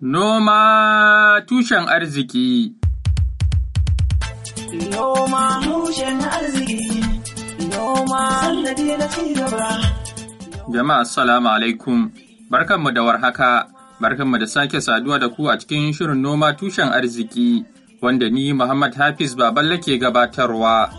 Noma tushen arziki Noma tushen arziki Noma na ci Jama'a salamu alaikum barkanmu da warhaka barkanmu da sake saduwa da ku a cikin shirin noma tushen arziki wanda ni Muhammad Hafiz Baballe ke gabatarwa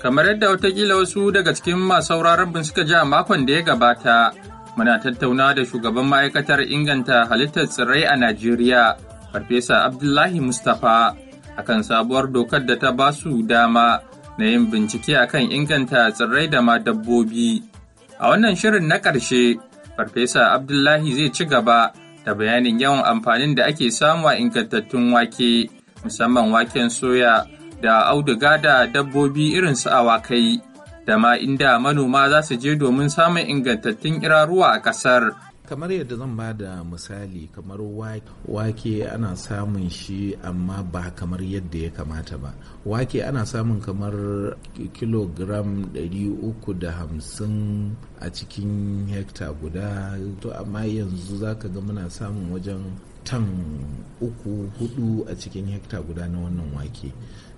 Kamar yadda watakila wasu daga cikin masu sauraron bin suka ji a makon da ya gabata, muna tattauna da shugaban ma'aikatar inganta halittar tsirrai a Najeriya, Farfesa Abdullahi Mustapha, akan sabuwar dokar da ta ba su dama na yin bincike akan inganta tsirrai da ma dabbobi. A wannan shirin na ƙarshe, Farfesa Abdullahi zai ci gaba da bayanin yawan amfanin da ake samu a ingantattun wake, musamman waken soya. da auduga da dabbobi irin su awakai da ma inda manoma za su je domin samun ingantattun iraruwa a ƙasar. kamar yadda zan ba da misali kamar wake ana samun shi amma ba kamar yadda ya kamata ba wake ana samun kamar kilogram 350 a cikin hekta guda to amma yanzu zaka ga muna samun wajen tan uku hudu a cikin hekta guda na wannan wake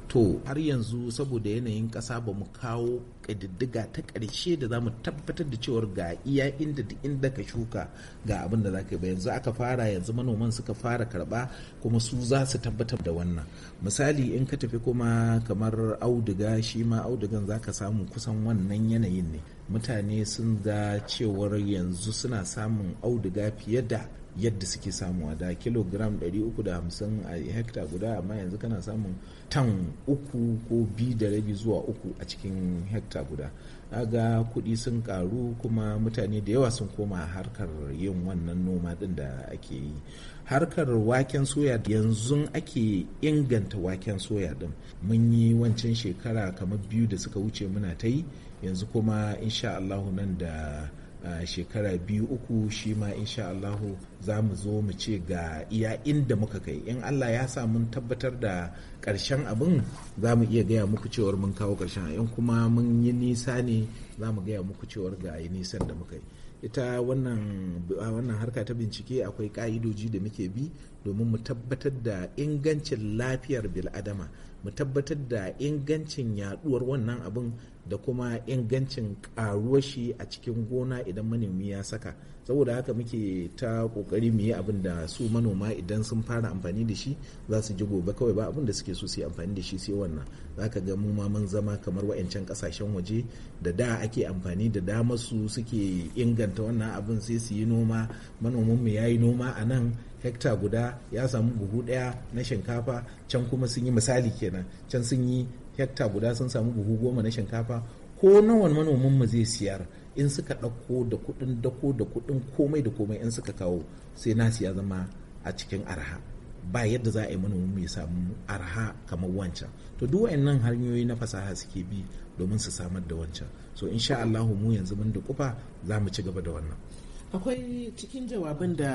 to har yanzu saboda yanayin ƙasa ba mu kawo kadiddiga ta ƙarshe da zamu tabbatar da cewar ga iya inda duk inda ka shuka ga abin da za ka yi ba yanzu aka fara yanzu manoman suka fara karɓa kuma su za su tabbatar da wannan misali in ka tafi kuma kamar auduga shi ma audugan za ka samu kusan wannan yanayin ne mutane sun ga cewar yanzu suna samun auduga fiye da yadda suke samuwa da kilogram 350 a hekta guda amma yanzu kana samun tan uku ko bi da rabi zuwa uku a cikin hekta shekara guda ga kuɗi sun karu kuma mutane da yawa sun koma harkar yin wannan noma ɗin da ake yi harkar waken soya yanzu ake inganta waken soya ɗin mun yi wancan shekara kamar biyu da suka wuce muna ta yi yanzu kuma insha Allahu nan da a shekara biyu uku shi ma insha Allahu za mu zo mu ce ga iya inda muka kai in Allah ya sa mun tabbatar da ƙarshen abin za mu iya gaya muku cewar mun kawo ƙarshen in kuma mun yi nisa ne za mu gaya muku cewar ga yi nisan da muka yi ita wannan harka ta bincike akwai ka'idoji da muke bi domin mu tabbatar da ingancin lafiyar bil'adama mu tabbatar da ingancin yaduwar wannan abin da kuma ingancin karuwar shi a cikin gona idan manomi ya saka saboda haka muke ta kokari mu yi abin da su manoma idan sun fara amfani da shi za su ji gobe kawai ba abin da suke so su yi amfani da shi sai wannan za ka ga mu mun zama kamar wa'ancan kasashen waje da da ake amfani da damar su suke inganta wannan abin sai su yi noma manoman mu yi noma a nan hekta guda ya samu buhu daya na shinkafa can kuma sun yi misali kenan can sun yi hekta guda sun samu buhu goma na shinkafa ko nawa manomin mu zai siyar in suka ɗauko da kuɗin dako da kudin komai da komai in suka kawo sai na siya zama a cikin arha ba yadda za a yi manomin mu ya samu arha kamar wancan to duk wayannan hanyoyi na fasaha suke bi domin su samar da wancan so insha Allah mu yanzu mun da kufa za mu ci gaba da wannan akwai cikin jawabin da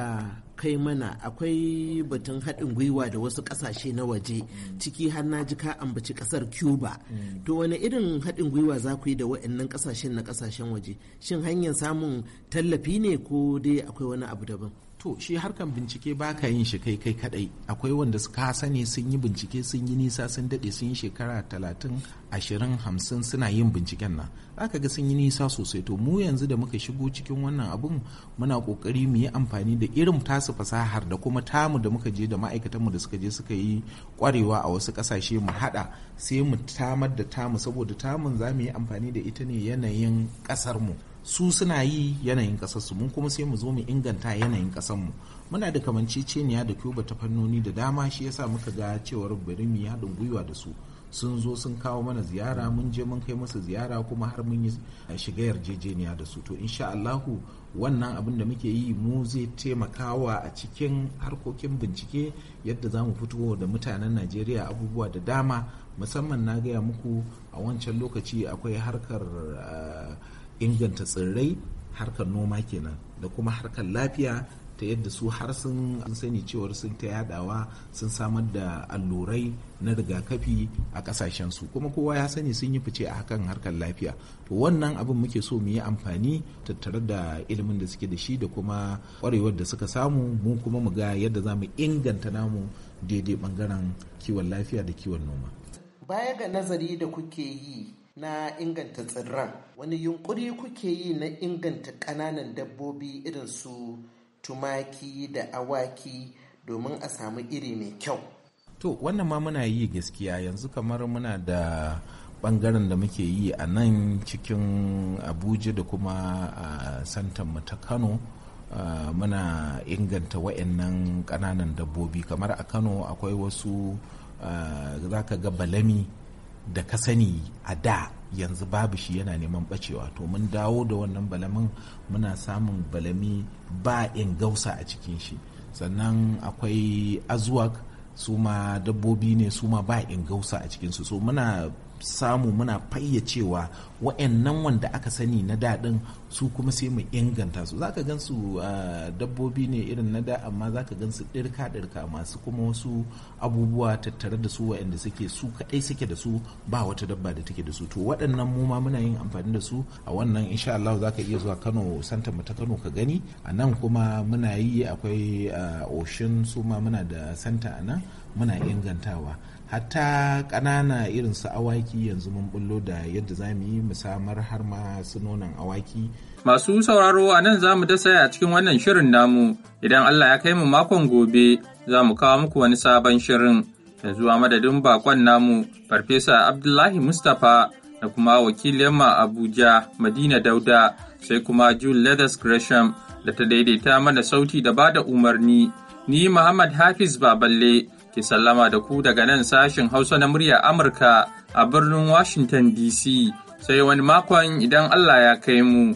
kai mana akwai batun haɗin gwiwa da wasu ƙasashe na waje ciki har na ji ka ambaci ƙasar cuba to wani irin haɗin gwiwa za ku yi da waɗannan ƙasashen na ƙasashen waje shin hanyar samun tallafi ne ko dai akwai wani abu daban to shi harkan bincike ba ka yin shi kai kai kadai akwai wanda ka sani sun yi bincike sun yi nisa sun dade sun yi shekara talatin ashirin hamsin suna yin binciken nan aka ga sun yi nisa sosai to mu yanzu da muka shigo cikin wannan abun muna kokari mu yi amfani da irin tasu fasahar da kuma tamu da muka je da ma'aikatanmu da suka je suka yi kwarewa a wasu kasashe mu hada sai mu tamar da tamu saboda tamun za mu yi amfani da ita ne yanayin kasar mu su suna yi yanayin kasar mun kuma sai mu zo mu inganta yanayin kasar mu muna da kamanceceniya da Cuba ta fannoni da dama shi yasa muka ga cewar bari mu yi haɗin gwiwa da su sun zo sun kawo mana ziyara mun je mun kai masa ziyara kuma har mun yi eh, shiga yarjejeniya da su to insha Allahu wannan abin da muke yi mu zai taimakawa a cikin harkokin bincike yadda za mu fito da mutanen Najeriya abubuwa da dama musamman na gaya muku a wancan lokaci akwai harkar eh, inganta tsirrai harkar noma kenan da kuma harkar lafiya ta yadda su har sun sani cewar sun ta yadawa sun samar da allurai na rigakafi a kasashensu kuma kowa ya sani sun yi fice a hakan harkar lafiya to wannan abin muke so mu yi amfani tattare da ilimin da suke da shi da kuma kwarewar da suka samu mu kuma mu ga yadda za mu inganta namu daidai bangaren kiwon lafiya da kiwon noma baya ga nazari da kuke yi na inganta tsirran wani yunkuri kuke yi na inganta ƙananan dabbobi irin su tumaki da awaki domin a samu iri mai kyau to wannan ma muna yi gaskiya yanzu kamar muna da bangaren da muke yi a nan cikin abuja da kuma a santan mu ta kano muna inganta wa'annan ƙananan dabbobi kamar a kano akwai wasu za ka ga balami da ka sani a da yanzu babu shi yana neman bacewa to mun dawo da wannan balamin muna samun balami ba in gausa a cikin shi sannan akwai azuwak su ma dabbobi ne su ma ba in gausa a cikin cikinsu so muna samu muna fayyacewa wa'annan wanda aka sani na daɗin su kuma sai mu inganta su zaka gan su ah, dabbobi ne irin na da amma zaka gan su ɗirka ɗirka masu kuma wasu abubuwa tattare da su waɗanda suke su kaɗai suke da su ba wata dabba da take da su to waɗannan mu ma muna yin amfani da su a wannan insha Allah zaka iya zuwa Kano santa mu ta Kano ka gani a nan kuma muna yi akwai ah, Oshin su ma muna da santa a nan muna ingantawa hatta kanana irin su awaki yanzu mun bullo da yadda za mu yi musamar har ma su nonon awaki Masu sauraro a nan za mu dasa a cikin wannan shirin namu, idan Allah ya kai mu makon gobe za mu kawo muku wani sabon shirin. Yanzu a madadin bakon namu, Farfesa Abdullahi Mustapha da kuma wakilin Yamma Abuja Madina Dauda sai kuma Jule Leathers Gresham da ta daidaita mana sauti da bada umarni. Ni Muhammad Hafiz Baballe ke sallama da ku daga nan sashen Hausa na murya Amurka a birnin Washington DC. sai wani makon idan Allah ya kai mu.